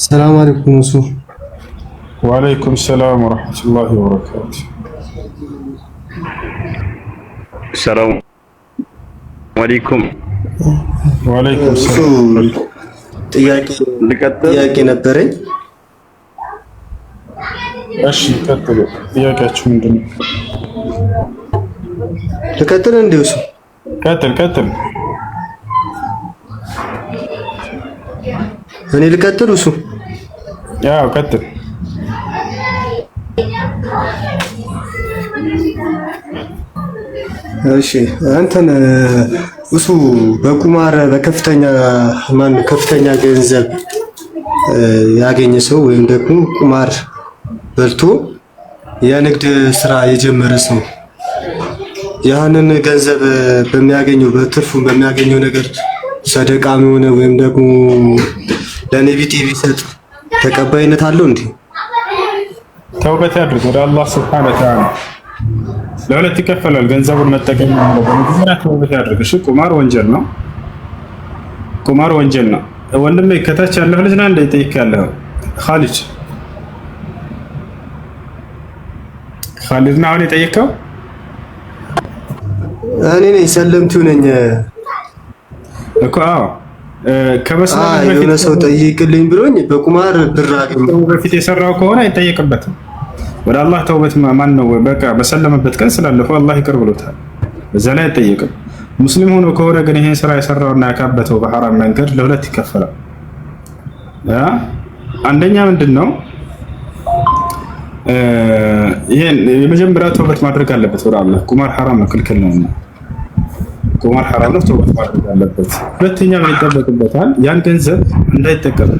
السلام عليكم وصو وعليكم السلام ورحمة الله وبركاته السلام عليكم وعليكم السلام ጥያቄ ነበረኝ። እሺ ቀጥሉ። ጥያቄያችሁ ምንድን ነው? ልቀጥል እንዲሁ እሱ ቀጥል ቀጥል። እኔ ልቀጥል እሱ ያው ቀጥል። እሺ አንተን እሱ በቁማር በከፍተኛ ማን ከፍተኛ ገንዘብ ያገኘ ሰው ወይም ደግሞ ቁማር በልቶ የንግድ ስራ የጀመረ ሰው ያንን ገንዘብ በሚያገኘው በትርፉ በሚያገኘው ነገር ሰደቃም የሆነ ወይም ደግሞ ለኔቢጤ ቢሰጥ ተቀባይነት አለው እንዴ? ተውበት ያድርግ ወደ አላህ Subhanahu Wa Ta'ala። ለሁለት ይከፈላል። ገንዘቡን መጠቀም ነው በመግዛት ተውበት ያድርግ። እሺ ቁማር ወንጀል ነው። ቁማር ወንጀል ነው። ወንድሜ ከታች ያለው ልጅ እንደ ጠይቅ ያለው ኻሊድ ኻሊድ ነው አሁን የጠየቀው። እኔ ነኝ ሰለምቱ ነኝ እኮ አዎ የሆነ ሰው ጠይቅልኝ ብሎኝ በቁማር ብር በፊት የሰራው ከሆነ አይጠየቅበትም። ወደ አላህ ተውበት ማን ነው? በቃ በሰለመበት ቀን ስላለፈው አላህ ይቅር ብሎታል። በዛ ላይ አይጠየቅም። ሙስሊም ሆኖ ከሆነ ግን ይሄን ስራ የሰራውና ያካበተው በሐራም መንገድ ለሁለት ይከፈላል። አንደኛ ምንድን ነው ይሄን የመጀመሪያ ተውበት ማድረግ አለበት ወደ አላህ። ቁማር ሐራም ክልክል ነውና ቁማር ሐራም ነው። ተውበት ማድረግ አለበት። ሁለተኛ ምን ይጠበቅበታል? ያን ገንዘብ እንዳይጠቀም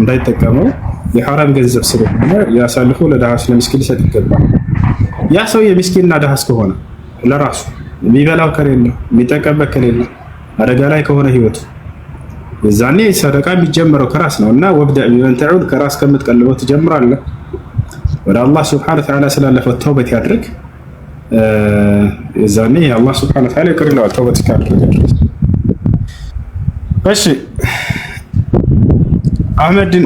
እንዳይጠቀመው የሐራም ገንዘብ ስለሆነ ያሳልፎ ለድሃ ስለምስኪን ሊሰጥ ይገባል። ያ ሰው የምስኪንና ድሃ ከሆነ ለራሱ የሚበላው ከሌለ የሚጠቀምበት ከሌለ አደጋ ላይ ከሆነ ህይወቱ የዛኔ ሰደቃ የሚጀምረው ከራስ ነው እና ወብደ ቢመንተዑል ከራስ ከምትቀልበው ትጀምራለህ። ወደ አላህ ስብሐነ ወተዓላ ስላለፈው ተውበት ያድርግ የዛኔ አላህ ስብሐነሁ ወተዓላ ይቅር ይለዋል። ተውበት ካደረገ ድረስ። እሺ አህመድን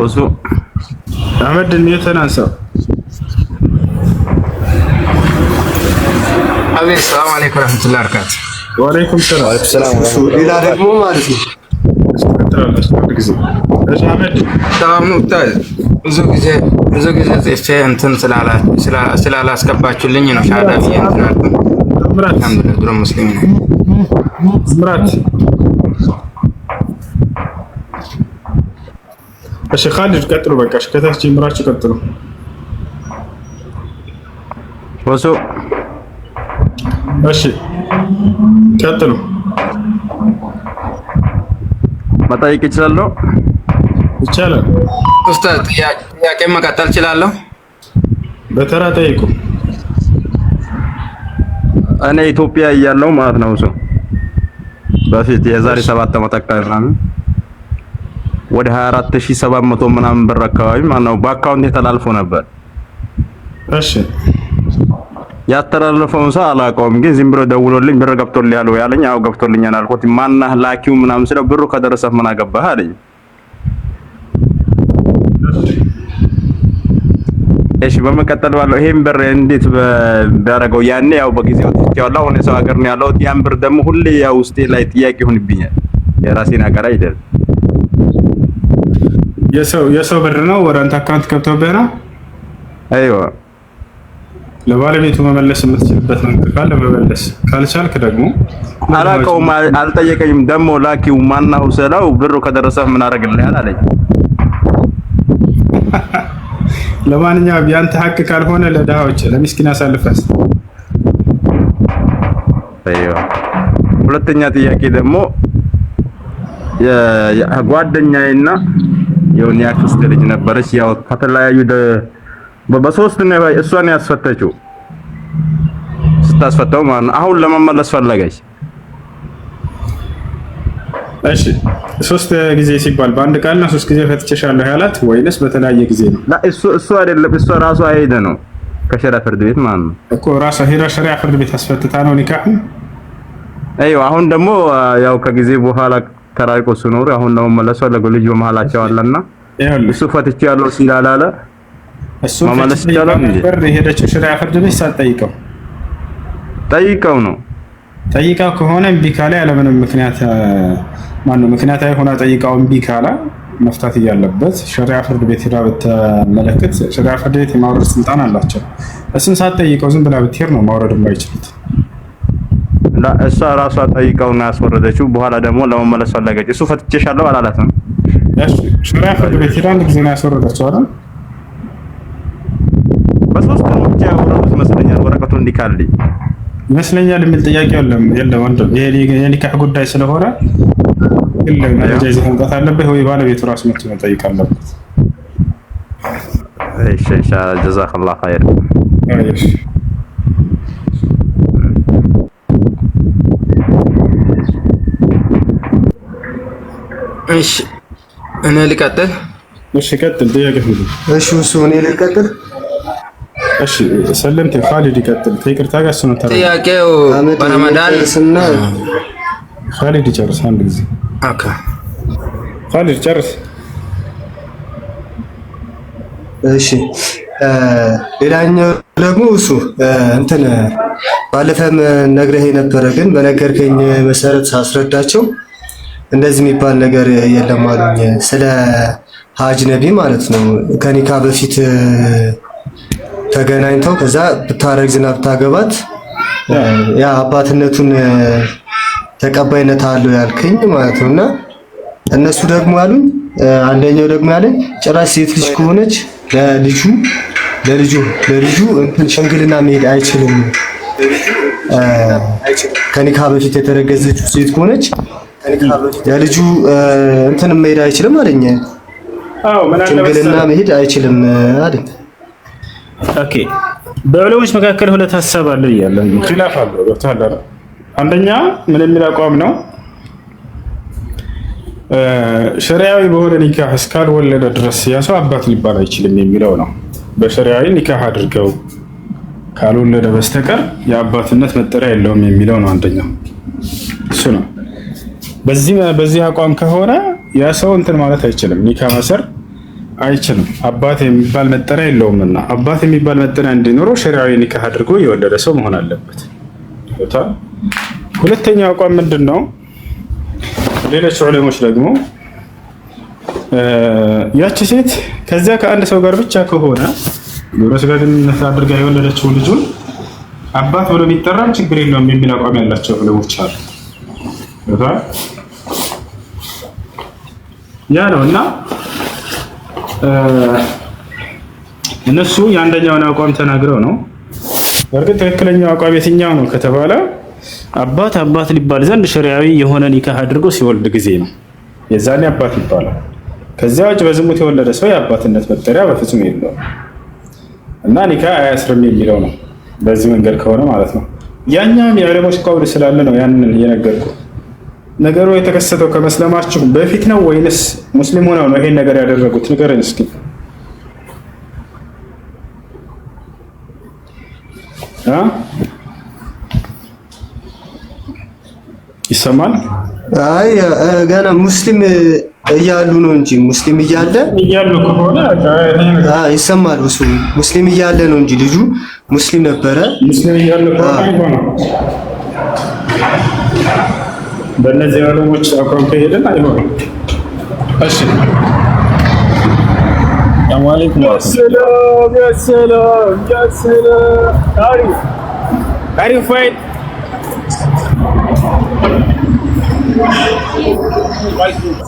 አህመድን የተናንሰው አቤት። ሰላም አለይኩም ወረህመቱላሂ ወበረካቱ። ወአለይኩም ሰላም። ሌላ ደግሞ ማለት ነው። ብዙ ጊዜ ብዙ ጊዜ ጽፌ እንትን ስላላስገባችሁልኝ ነው። ሻዳ ድሮ ሙስሊም ነው። እሺ ካሊድ ቀጥሉ። በቃ እሺ፣ ከታች ጀምራችሁ ቀጥሉ። ወሶ እሺ፣ ቀጥሉ። መጠየቅ ይችላለሁ። ይቻላል። ኡስታዝ ጥያቄ መቀጠል እችላለሁ? በተራ ጠይቁ። እኔ ኢትዮጵያ እያለሁ ማለት ነው ሰው በፊት የዛሬ ሰባት ዓመት አካባቢ ወደ 24700 ምናምን ብር አካባቢ ማለት ነው በአካውንት የተላልፎ ነበር። እሺ ያተላለፈውን ሰው አላውቀውም፣ ግን ዝም ብሎ ደውሎልኝ ብር ገብቶልኝ ያለው ያለኝ፣ አው ገብቶልኝ አልኩት። ማናህ ላኪው ምናምን ስለው ብሩ ከደረሰ ምን አገባህ አለኝ። እሺ በመቀጠል ባለው ይሄን ብር እንዴት ባረገው? ያኔ ያው በጊዜው ትቼዋለሁ። አሁን የሰው ሀገር ነው ያለሁት። ያን ብር ደግሞ ሁሌ ያው ውስጤ ላይ ጥያቄ ይሆንብኛል። የራሴን ሀገር አይደለም። የሰው የሰው ብር ነው ወደ አንተ አካውንት ገብቶብህ ነው። አይዋ ለባለቤቱ መመለስ የምትችልበት መንገድ ካለ መመለስ፣ ካልቻልክ ደግሞ አላውቀውም፣ አልጠየቀኝም። ደግሞ ላኪው ማናው ስለው ብሩ ከደረሰ ምን አደርግልህ አለኝ። ለማንኛውም ያንተ ሀቅ ካልሆነ ለድሃዎች ለሚስኪን አሳልፈስ። ሁለተኛ ጥያቄ ደግሞ ጓደኛዬና የሆነ የአክስት ልጅ ነበረች። ያው ከተለያዩ በሶስት ነው እሷን ያስፈተችው። ስታስፈተው ማለት ነው አሁን ለመመለስ ፈለገች እሺ ሶስት ጊዜ ሲባል በአንድ ቃልና ሶስት ጊዜ ፈትቼሻለሁ ያላት ወይንስ በተለያየ ጊዜ ነው? እሱ እሱ አይደለም እሱ ራሱ አይሄደ ነው ከሸሪያ ፍርድ ቤት ማለት ነው እኮ ራሷ ሄዳ ሸሪያ ፍርድ ቤት አስፈትታ ነው ኒካህ። አይው አሁን ደግሞ ያው ከጊዜ በኋላ ተራርቆ ሲኖሩ አሁን ነው መለሷ ለጎልጅ በመሃላቸው አለና እሱ ፈትቼ ያለው ሲላላለ እሱ መመለስ ይችላል የሄደችው ሸሪያ ፍርድ ቤት ሳትጠይቀው ጠይቀው ነው ጠይቀው ከሆነ እምቢ ካለ ያለምንም ምክንያት ማን ማነው ምክንያታዊ ሆና ጠይቃው እምቢ ካላ መፍታት እያለበት ሸሪያ ፍርድ ቤት ሄዳ ብትመለከት ሸሪያ ፍርድ ቤት የማውረድ ስልጣን አላቸው። እሱን ሳትጠይቀው ዝም ብላ ብትሄድ ነው ማውረድ የማይችሉት። እሷ ራሷ ጠይቀው ነው ያስወረደችው። በኋላ ደግሞ ለመመለስ ፈለገች። እሱ ፈትቼሻለሁ አላላት ነው ሸሪያ ፍርድ ቤት ሄዳ አንድ ጊዜ ነው ያስወረደችው አይደል? በሶስት ቀን ብቻ ያወረዱት ይመስለኛል። ወረቀቱ እንዲካልኝ ይመስለኛል የሚል ጥያቄ የለም ወንድም፣ የኒካህ ጉዳይ ስለሆነ የለም መረጃ ይዘህ መምጣት አለብህ ወይ ባለቤቱ ራሱ መጥቶ መጠየቅ አለበት። እሺ እሺ፣ ጀዛከላህ ኸይር። እሺ እሺ፣ እኔ ልቀጥል። እሺ እኔ ልቀጥል እሺ ቀጥል ጥያቄህ እሺ እሱ እኔ ልቀጥል። እሺ ሰለምቴ ኻሊድ ይቀጥል። ከይቅርታ ጋር እሱ ጥያቄው። በረመዳን ኻሊድ ይጨርስ አንድ ጊዜ ካሊድ ጨርስ። እሺ ሌላኛው ደግሞ እሱ እንትን ባለፈም ነግረህ የነበረ ግን በነገርከኝ መሰረት ሳስረዳቸው እንደዚህ የሚባል ነገር የለም አሉኝ። ስለ ሀጅ ነቢ ማለት ነው ከኒካ በፊት ተገናኝተው ከዛ ብታረግዝና ብታገባት ያ አባትነቱን ተቀባይነት አለው ያልከኝ ማለት ነው። እና እነሱ ደግሞ ያሉኝ አንደኛው ደግሞ ያለኝ ጭራሽ ሴት ልጅ ከሆነች ለልጁ ለልጁ ለልጁ እንትን ሽምግልና መሄድ አይችልም። ከኒካ በፊት የተረገዘችው ሴት ከሆነች ለልጁ እንትን መሄድ አይችልም አለኝ። አዎ ሽምግልና መሄድ አይችልም አለኝ። ኦኬ በዑለሞች መካከል ሁለት ሀሳብ አለ ይላል። አንደኛ ምን የሚል አቋም ነው? ሸሪያዊ በሆነ ኒካህ እስካልወለደ ድረስ ያ ሰው አባት ሊባል አይችልም የሚለው ነው። በሸሪያዊ ኒካህ አድርገው ካልወለደ በስተቀር የአባትነት መጠሪያ የለውም የሚለው ነው። አንደኛው እሱ ነው። በዚህ አቋም ከሆነ ያ ሰው እንትን ማለት አይችልም፣ ኒካ ማሰር አይችልም። አባት የሚባል መጠሪያ እና አባት የሚባል መጠሪያ እንዲኖረው ሸሪያዊ ኒካህ አድርጎ የወለደ ሰው መሆን አለበት። ሁለተኛው አቋም ምንድን ነው? ሌሎች ዑለሞች ደግሞ ያቺ ሴት ከዚያ ከአንድ ሰው ጋር ብቻ ከሆነ ግብረ ስጋ ግንኙነት አድርጋ የወለደችው ልጁን አባት ብሎ ቢጠራም ችግር የለውም የሚል አቋም ያላቸው ዑለሞች አሉ። ያ ነው እና እነሱ የአንደኛውን አቋም ተናግረው ነው። በእርግጥ ትክክለኛው አቋም የትኛው ነው ከተባለ አባት አባት ሊባል ዘንድ ሸሪያዊ የሆነ ኒካህ አድርጎ ሲወልድ ጊዜ ነው። የዛኔ አባት ይባላል። ከዚያ ውጭ በዝሙት የወለደ ሰው የአባትነት መጠሪያ በፍጹም የለውም እና ኒካህ አያስርም የሚለው ነው። በዚህ መንገድ ከሆነ ማለት ነው። ያኛም የዕለሞች ቀውል ስላለ ነው ያንን የነገርኩ። ነገሩ የተከሰተው ከመስለማችሁ በፊት ነው ወይንስ ሙስሊም ሆነው ነው ይሄን ነገር ያደረጉት? ንገረኝ እስኪ። አ ይሰማል። አይ ገና ሙስሊም እያሉ ነው እንጂ ሙስሊም እያለ እያሉ ከሆነ አይ ይሰማል። እሱ ሙስሊም እያለ ነው እንጂ ልጁ ሙስሊም ነበረ። ሙስሊም እያለ ከሆነ በእነዚህ ዓለሞች አቋም ከሄደን አይሆንም። እሺ ሰላም ሰላም ሰላም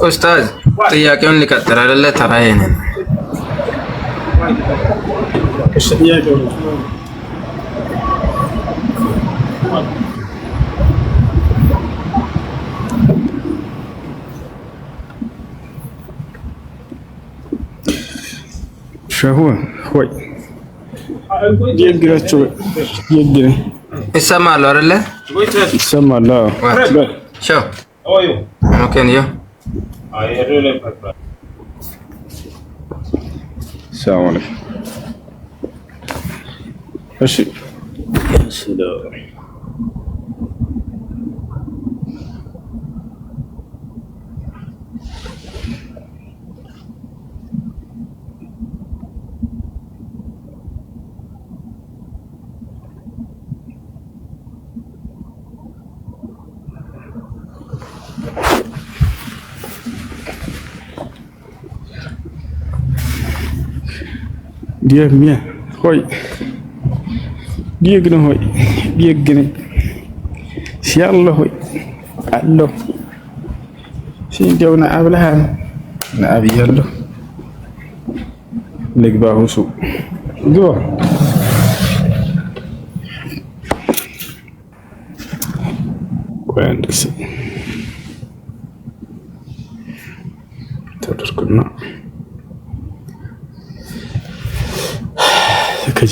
ኡስታዝ ጥያቄውን ሊቀጥል አይደለ? ተራ ይሄንን ሸሁ ሆይ ይሰማሉ አይደለ? ይሰማሉ። ሰላም አለይኩም። እሺ ዲየግ ሆይ ዲየግ ሆይ ዲየግ ሲያለ ሆይ አለሁ ሲ እንዲያው ነአብ ልግባ ሁሱ ግባ ቆይ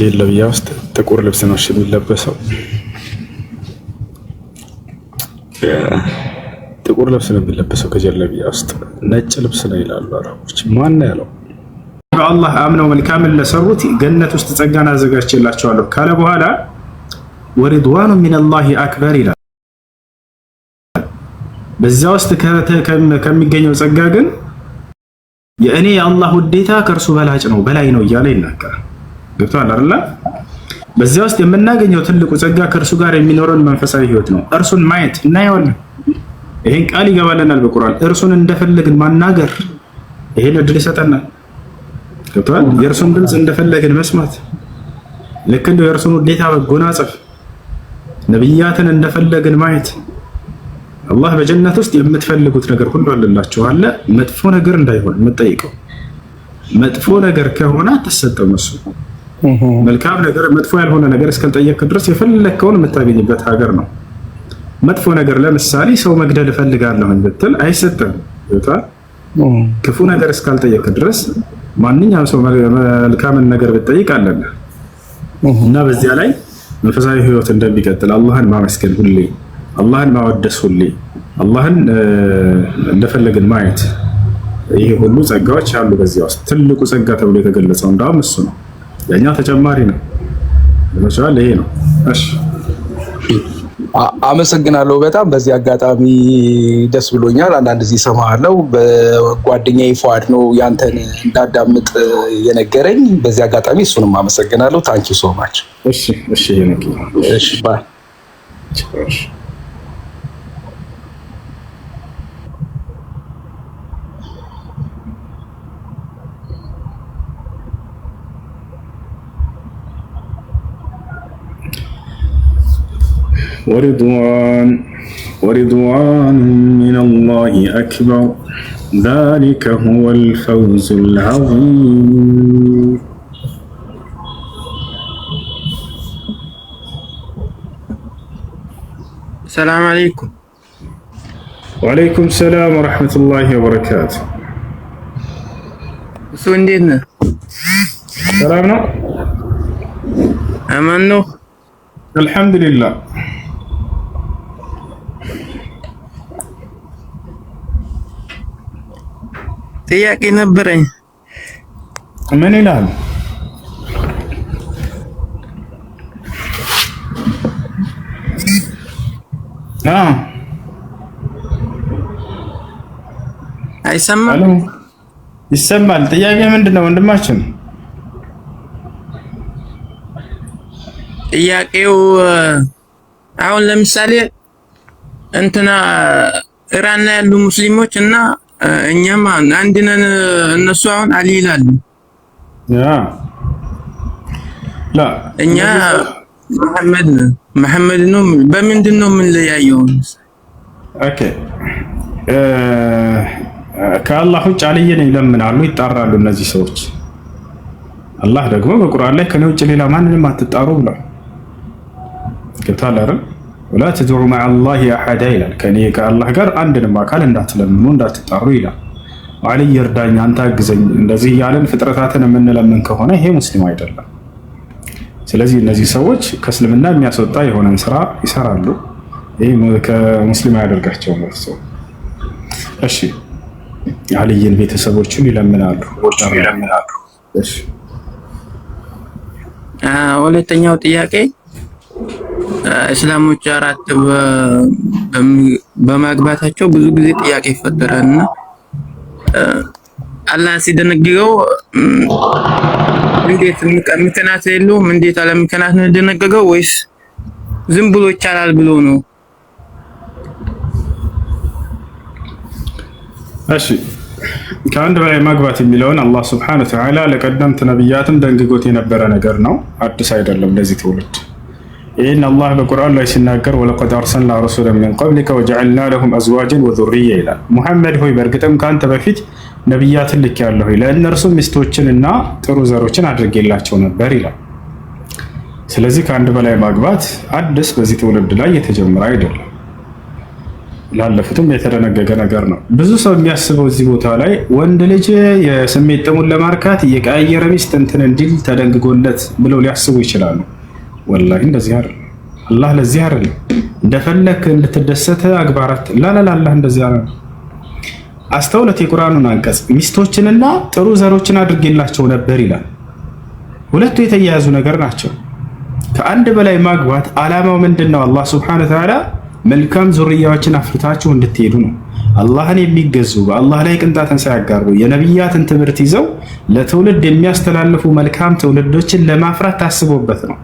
ቤቴን ለብያ ውስጥ ጥቁር ልብስ ነው የሚለበሰው። ጥቁር ልብስ ነው የሚለበሰው ከጀለቢያ ውስጥ ነጭ ልብስ ነው ይላሉ አረቦች። ማን ያለው በአላህ አምነው መልካምን ለሰሩት ገነት ውስጥ ጸጋን አዘጋጅቼላቸዋለሁ ካለ በኋላ ወሪድዋኑ ሚነላሂ አክበር ይላል። በዛ ውስጥ ከሚገኘው ጸጋ ግን የእኔ የአላህ ውዴታ ከእርሱ በላጭ ነው በላይ ነው እያለ ይናገራል። ገብቷል አይደለ? በዚያ ውስጥ የምናገኘው ትልቁ ጸጋ ከእርሱ ጋር የሚኖረን መንፈሳዊ ህይወት ነው። እርሱን ማየት እናየዋለን። ይህን ቃል ይገባለናል በቁርአን እርሱን እንደፈለግን ማናገር ይህን እድል ይሰጠናል። ገብቷል? የእርሱን ድምፅ እንደፈለግን መስማት ልክ እንደ የእርሱን ውዴታ መጎናጸፍ፣ ነቢያትን እንደፈለግን ማየት። አላህ በጀነት ውስጥ የምትፈልጉት ነገር ሁሉ አለላችሁ አለ። መጥፎ ነገር እንዳይሆን የምጠይቀው መጥፎ ነገር ከሆነ አትሰጠው እሱ መልካም ነገር፣ መጥፎ ያልሆነ ነገር እስካልጠየቅክ ድረስ የፈለግከውን የምታገኝበት ሀገር ነው። መጥፎ ነገር ለምሳሌ ሰው መግደል እፈልጋለሁ ብትል አይሰጥም። ክፉ ነገር እስካልጠየቅክ ድረስ ማንኛውም ሰው መልካምን ነገር ብትጠይቅ አለና እና በዚያ ላይ መንፈሳዊ ህይወት እንደሚቀጥል አላህን ማመስገን ሁሌ፣ አላህን ማወደስ ሁሌ፣ አላህን እንደፈለግን ማየት ይሄ ሁሉ ጸጋዎች አሉ። በዚያ ውስጥ ትልቁ ጸጋ ተብሎ የተገለጸው እንዳውም እሱ ነው። ያኛው ተጨማሪ ነው። ለምሳሌ ይሄ ነው። እሺ አመሰግናለሁ በጣም በዚህ አጋጣሚ ደስ ብሎኛል። አንዳንድ ጊዜ እሰማሃለሁ። በጓደኛዬ ፏድ ነው ያንተን እንዳዳምጥ የነገረኝ። በዚህ አጋጣሚ እሱንም አመሰግናለሁ። ታንኪ ሶ ማች። እሺ እሺ ورضوان ورضوان من الله أكبر ذلك هو الفوز العظيم السلام عليكم وعليكم السلام ورحمة الله وبركاته እሱ እንዴት سلامنا ሰላም الحمد لله ጥያቄ ነበረኝ። ምን ይላል? አይሰማም? ይሰማል። ጥያቄ ምንድን ነው ወንድማችን? ጥያቄው አሁን ለምሳሌ እንትና ኢራን ያሉ ሙስሊሞች እና እኛም አንድ ነን። እነሱ አሁን አሊ ይላሉ። እኛ መሐመድ ነን። መሐመድ ነው። በምንድን ነው የምንለያየው? ኦኬ ከአላህ ውጭ አልየን ይለምናሉ፣ ይጣራሉ እነዚህ ሰዎች። አላህ ደግሞ በቁርአን ላይ ከኔ ውጭ ሌላ ማንንም አትጣሩ ብሏል። ገብታል አይደል? ወላ ተድዑ መዓ ላሂ አሐዳ ይላል። ከኔ ከአላህ ጋር አንድንም አካል እንዳትለምኑ እንዳትጣሩ ይላል። አልይ እርዳኝ፣ አንተ አግዘኝ፣ እንደዚህ እያለን ፍጥረታትን የምንለምን ከሆነ ይሄ ሙስሊም አይደለም። ስለዚህ እነዚህ ሰዎች ከእስልምና የሚያስወጣ የሆነን ስራ ይሰራሉ። ይህ ከሙስሊም አያደርጋቸውም። እርስ እሺ፣ የአልይን ቤተሰቦችን ይለምናሉ። ሁለተኛው ጥያቄ እስላሞች አራት በማግባታቸው ብዙ ጊዜ ጥያቄ ይፈጠራልና አላህ ሲደነግገው እንዴት ምክንያት የለውም? እንዴት አለ ምክንያት ነው የደነገገው? ወይስ ዝም ብሎ ይቻላል ብሎ ነው? እሺ ከአንድ በላይ ማግባት የሚለውን አላህ ስብሐነሁ ወተዓላ ለቀደምት ነቢያትም ደንግጎት የነበረ ነገር ነው። አዲስ አይደለም ለዚህ ትውልድ ይህን አላህ በቁርአን ላይ ሲናገር ወለቀድ አርሰልና ረሱለን ምን ቀብሊከ ወጀዐልና ለሁም አዝዋጀን ወዙርያ ይላል። ሙሐመድ ሆይ በእርግጥም ከአንተ በፊት ነቢያትን ልኬያለሁ፣ ለእነርሱም ሚስቶችንና ጥሩ ዘሮችን አድርጌላቸው ነበር ይላል። ስለዚህ ከአንድ በላይ ማግባት አዲስ በዚህ ትውልድ ላይ የተጀመረ አይደለም፣ ላለፉትም የተደነገገ ነገር ነው። ብዙ ሰው የሚያስበው እዚህ ቦታ ላይ ወንድ ልጅ የስሜት ጥሙን ለማርካት የቀያየረ ሚስት እንትን እንዲል ተደንግጎለት ብለው ሊያስቡ ይችላሉ። ወላሂ እንደዚህ አይደለም። አላህ ለዚህ አይደለም እንደፈለክ እንድትደሰተ አግባራት ላላላ አላህ እንደዚህ አይደለም። አስተውለት የቁርአኑን አንቀጽ ሚስቶችንና ጥሩ ዘሮችን አድርጌላቸው ነበር ይላል። ሁለቱ የተያያዙ ነገር ናቸው። ከአንድ በላይ ማግባት አላማው ምንድነው ነው? አላህ ስብሐነ ወተዓላ መልካም ዙርያዎችን አፍርታችሁ እንድትሄዱ ነው። አላህን የሚገዙ በአላህ ላይ ቅንጣትን ሳያጋሩ የነቢያትን ትምህርት ይዘው ለትውልድ የሚያስተላልፉ መልካም ትውልዶችን ለማፍራት ታስቦበት ነው።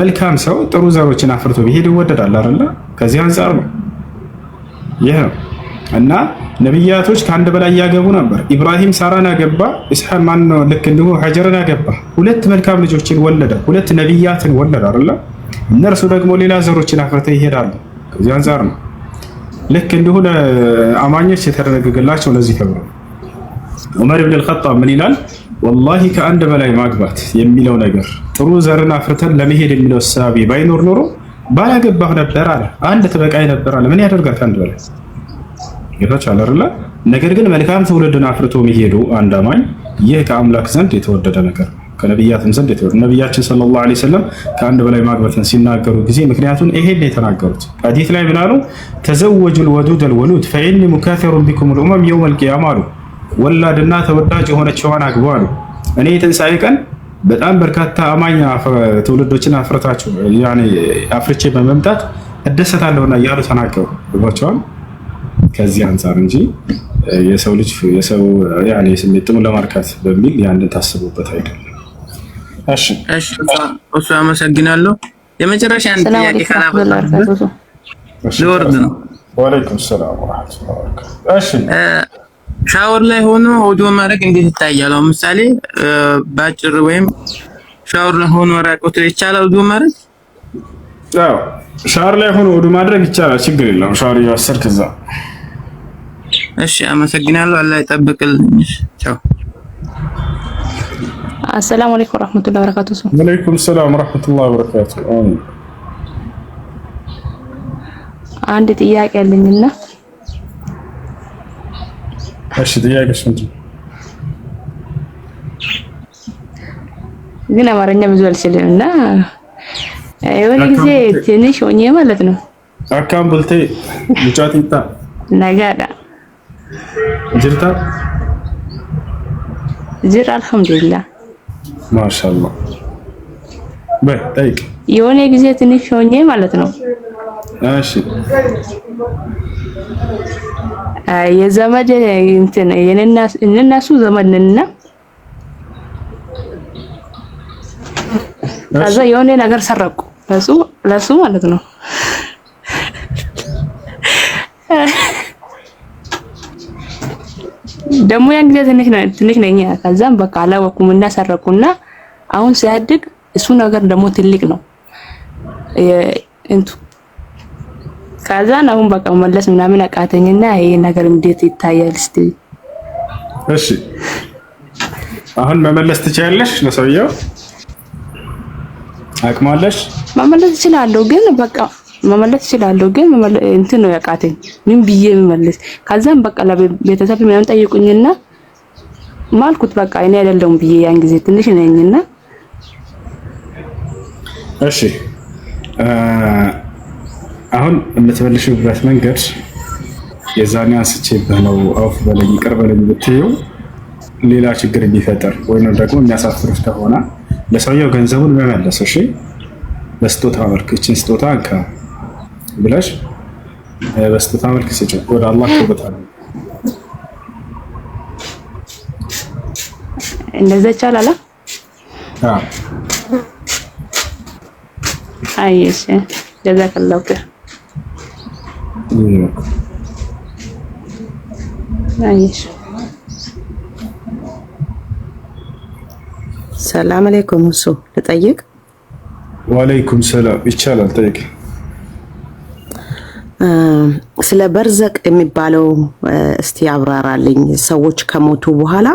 መልካም ሰው ጥሩ ዘሮችን አፍርቶ ቢሄድ ይወደዳል አይደለ? ከዚህ አንጻር ነው ይህ ነው። እና ነቢያቶች ከአንድ በላይ ያገቡ ነበር። ኢብራሂም ሳራን አገባ። ኢስሐቅ ማነው ልክ እንዲሁ ሀጀርን አገባ። ሁለት መልካም ልጆችን ወለደ፣ ሁለት ነቢያትን ወለደ አይደለ? እነርሱ ደግሞ ሌላ ዘሮችን አፍርተው ይሄዳሉ። ከዚህ አንጻር ነው ልክ እንዲሁ ለአማኞች የተደረገላቸው ለዚህ ተብሎ ዑመር ብን አልኸጣብ ምን ይላል? ወላሂ ከአንድ በላይ ማግባት የሚለው ነገር ጥሩ ዘርን አፍርተን ለመሄድ የሚለው እሳቤ ባይኖር ኖሮ ባላገባሁ ነበር አለ። አንድ ትበቃይ ነበር አለ። ምን ያደርጋል ከአንድ በላይ ጌታች አለርላ። ነገር ግን መልካም ትውልድን አፍርቶ መሄዱ አንድ አማኝ ይህ ከአምላክ ዘንድ የተወደደ ነገር ከነቢያትም ዘንድ የተወደደ ነቢያችን ሰለላሁ ዐለይሂ ወሰለም ከአንድ በላይ ማግባትን ሲናገሩ ጊዜ ምክንያቱም ይሄን የተናገሩት ሐዲስ ላይ ምን ተዘወጁ ልወዱድ ልወሉድ ፈኢኒ ሙካተሩን ቢኩም ልኡመም የውመል ቂያማ አሉ ወላድና ተወዳጅ የሆነችዋን አግባ ነው። እኔ የትንሣኤ ቀን በጣም በርካታ አማኝ ትውልዶችን አፍርታቸው አፍርቼ በመምጣት እደሰታለሁና እያሉ ተናገሩ ባቸዋል። ከዚህ አንጻር እንጂ የሰው ልጅ የሰው ስሜት ጥሙ ለማርካት በሚል ያንን ታስቡበት አይደለም። እሱ አመሰግናለሁ። የመጨረሻ አንድ ጥያቄ ካላበዛበት ነው። ወአለይኩም ሰላም ወራህመቱላሂ ወበረካቱ። ሻወር ላይ ሆኖ ወዶ ማድረግ እንዴት ይታያል? ምሳሌ ባጭር ወይም ሻወር ላይ ሆኖ ራቆት ይቻላል ወዶ ማድረግ? አዎ ሻወር ላይ ሆኖ ወዶ ማድረግ ይቻላል፣ ችግር የለም። ሻወር እየወሰድክ ከዛ። እሺ አመሰግናለሁ። አላህ ይጠብቅልኝ። ቻው። አሰላሙ አለይኩም ወራህመቱላሂ ወበረካቱሁ። ወአለይኩም ሰላም ወራህመቱላሂ ወበረካቱሁ። አንድ ጥያቄ አለኝና እሺ ጥያቄሽ ምንድን ነው? ግን አማርኛ ብዙ አልችልም እና የሆነ ጊዜ ትንሽ ሆኜ ማለት ነው አካም ብልቴ ልጫቲታ ነጋዳ ጅርታ ጅር አልሐምዱሊላህ ማሻአላህ በጠይቅ የሆነ ጊዜ ትንሽ ሆኜ ማለት ነው እሺ የዘመድ እንትን ዘመድ ነንና ከዛ የሆነ ነገር ሰረቁ ለሱ ለሱ ማለት ነው። ደግሞ ያን ጊዜ ትንሽ ነው ትንሽ ነኝ። ከዛም በቃ አላወኩም እና ሰረቁና አሁን ሲያድግ እሱ ነገር ደግሞ ትልቅ ነው እንቱ ከዛን አሁን በቃ መለስ ምናምን አቃተኝና ይሄ ነገር እንዴት ይታያል? እስቲ እሺ፣ አሁን መመለስ ትችያለሽ? ለሰውየው አቅማለሽ? መመለስ እችላለሁ፣ ግን በቃ መመለስ እችላለሁ፣ ግን እንትን ነው ያቃተኝ። ምን ብዬ መመለስ? ከዛም በቃ ለቤተሰብ ምናምን ጠይቁኝና ማልኩት በቃ እኔ አይደለሁም ብዬ ያን ጊዜ ትንሽ ነኝና። እሺ አሁን የምትመልሽበት መንገድ የዛኔ አንስቼብህ ነው አውፍ በለኝ ቅር በለኝ ብትይው ሌላ ችግር የሚፈጥር ወይም ደግሞ የሚያሳፍሩት ከሆነ ለሰውየው ገንዘቡን መመለስ እሺ፣ በስጦታ መልክ እችን ስጦታ እንካ ብለሽ በስጦታ መልክ ስጭ። ወደ አላህ ነው። እንደዛ ይቻላል። አይ እሺ፣ ጀዛከላሁ ሰላም አለይኩም። እሱ ልጠይቅ። ወአለይኩም ሰላም። ይቻላል ጠይቅ። ስለ በርዘቅ የሚባለው እስቲ ያብራራልኝ። ሰዎች ከሞቱ በኋላ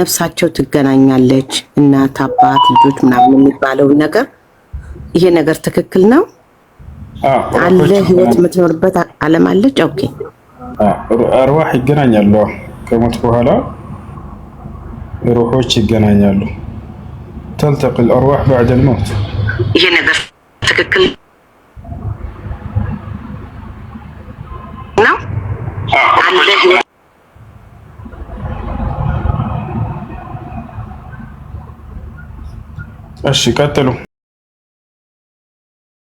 ነፍሳቸው ትገናኛለች፣ እናት አባት፣ ልጆች ምናምን የሚባለውን ነገር ይሄ ነገር ትክክል ነው? አለ ህይወት የምትኖርበት አለም አለች። ኦኬ አርዋህ ይገናኛሉ። ከሞት በኋላ ሩሆች ይገናኛሉ። ተልተቅ አርዋህ ባዕድ ልሞት። ይሄ ነገር ትክክል ነው። እሺ ቀጥሉ።